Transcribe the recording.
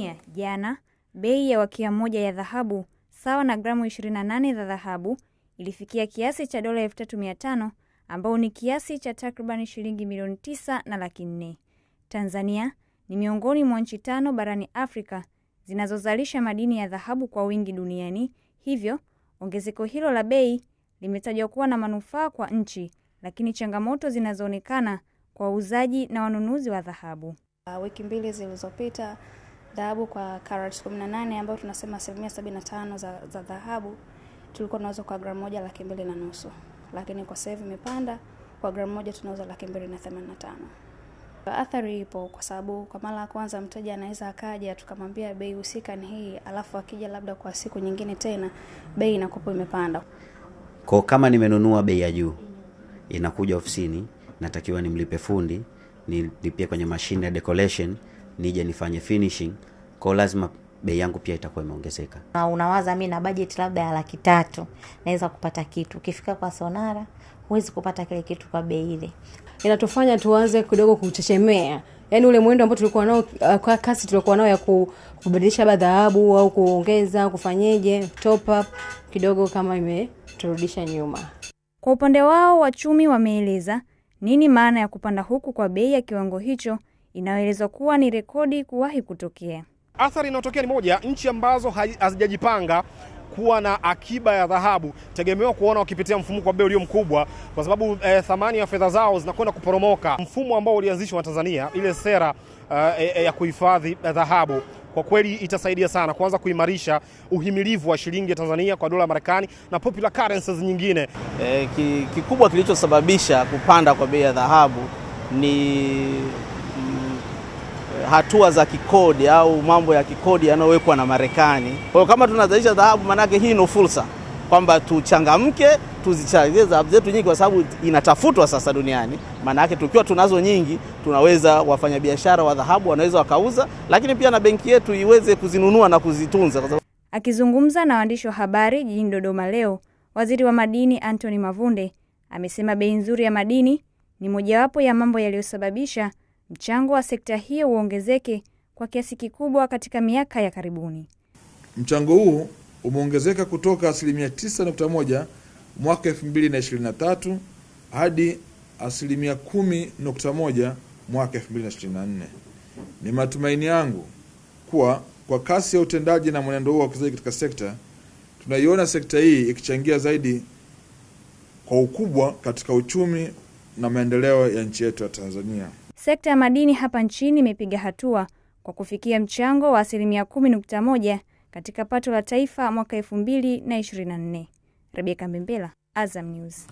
Tanzania jana, bei ya wakia moja ya dhahabu sawa na gramu 28 za dhahabu ilifikia kiasi cha dola 3500 ambao ni kiasi cha takribani shilingi milioni tisa na laki nne. Tanzania ni miongoni mwa nchi tano barani Afrika zinazozalisha madini ya dhahabu kwa wingi duniani, hivyo ongezeko hilo la bei limetajwa kuwa na manufaa kwa nchi, lakini changamoto zinazoonekana kwa wauzaji na wanunuzi wa dhahabu. Wiki mbili zilizopita dhahabu kwa karat 18 ambayo tunasema asilimia 75 za, za dhahabu tulikuwa tunauza kwa gramu moja laki mbili na nusu, lakini kwa sasa hivi imepanda kwa gramu moja tunauza laki mbili na themanini na tano. Athari ipo kwa sababu kwa mara ya kwanza mteja anaweza akaja tukamwambia bei husika ni hii, alafu akija labda kwa siku nyingine tena bei inakopo imepanda. Kwa kama nimenunua bei ya juu, inakuja ofisini, natakiwa nimlipe fundi, nilipie kwenye mashine ya decoration nije nifanye finishing, kwa lazima bei yangu pia itakuwa imeongezeka. Na unawaza mimi na budget labda ya laki tatu naweza kupata kitu, ukifika kwa Sonara huwezi kupata kile kitu kwa bei ile. Inatufanya tuanze kidogo kuchechemea yaani ule mwendo ambao tulikuwa nao uh, kwa kasi tulikuwa nao ya kubadilisha labda dhahabu au kuongeza kufanyeje top up kidogo kama imeturudisha nyuma. Kwa upande wao wachumi wameeleza nini maana ya kupanda huku kwa bei ya kiwango hicho inayoelezwa kuwa ni rekodi kuwahi kutokea. Athari inayotokea ni moja, nchi ambazo hazijajipanga kuwa na akiba ya dhahabu tegemewa kuona wakipitia mfumuko wa bei ulio mkubwa, kwa sababu eh, thamani ya fedha zao zinakwenda kuporomoka. Mfumo ambao ulianzishwa na Tanzania, ile sera eh, eh, ya kuhifadhi eh, dhahabu kwa kweli itasaidia sana kuanza kuimarisha uhimilivu wa shilingi ya Tanzania kwa dola ya Marekani na popular currencies nyingine. Eh, kikubwa kilichosababisha kupanda kwa bei ya dhahabu ni hatua za kikodi au mambo ya kikodi yanayowekwa na Marekani. Kwa hiyo kama tunazalisha dhahabu, maanake hii ni fursa kwamba tuchangamke, tuzichangie dhahabu zetu nyingi, kwa sababu inatafutwa sasa duniani. Maana yake tukiwa tunazo nyingi, tunaweza wafanyabiashara wa dhahabu wanaweza wakauza, lakini pia na benki yetu iweze kuzinunua na kuzitunza. Akizungumza na waandishi wa habari jijini Dodoma leo, waziri wa madini Anthony Mavunde amesema bei nzuri ya madini ni mojawapo ya mambo yaliyosababisha mchango wa sekta hiyo uongezeke kwa kiasi kikubwa katika miaka ya karibuni. Mchango huu umeongezeka kutoka asilimia 9.1 mwaka 2023 hadi asilimia 10.1 mwaka 2024. Ni matumaini yangu kuwa kwa kasi ya utendaji na mwenendo huu wa uwekezaji katika sekta, tunaiona sekta hii ikichangia zaidi kwa ukubwa katika uchumi na maendeleo ya nchi yetu ya Tanzania. Sekta ya madini hapa nchini imepiga hatua kwa kufikia mchango wa asilimia 10.1 katika pato la taifa mwaka 2024. Rebeka Mbembela, Azam News.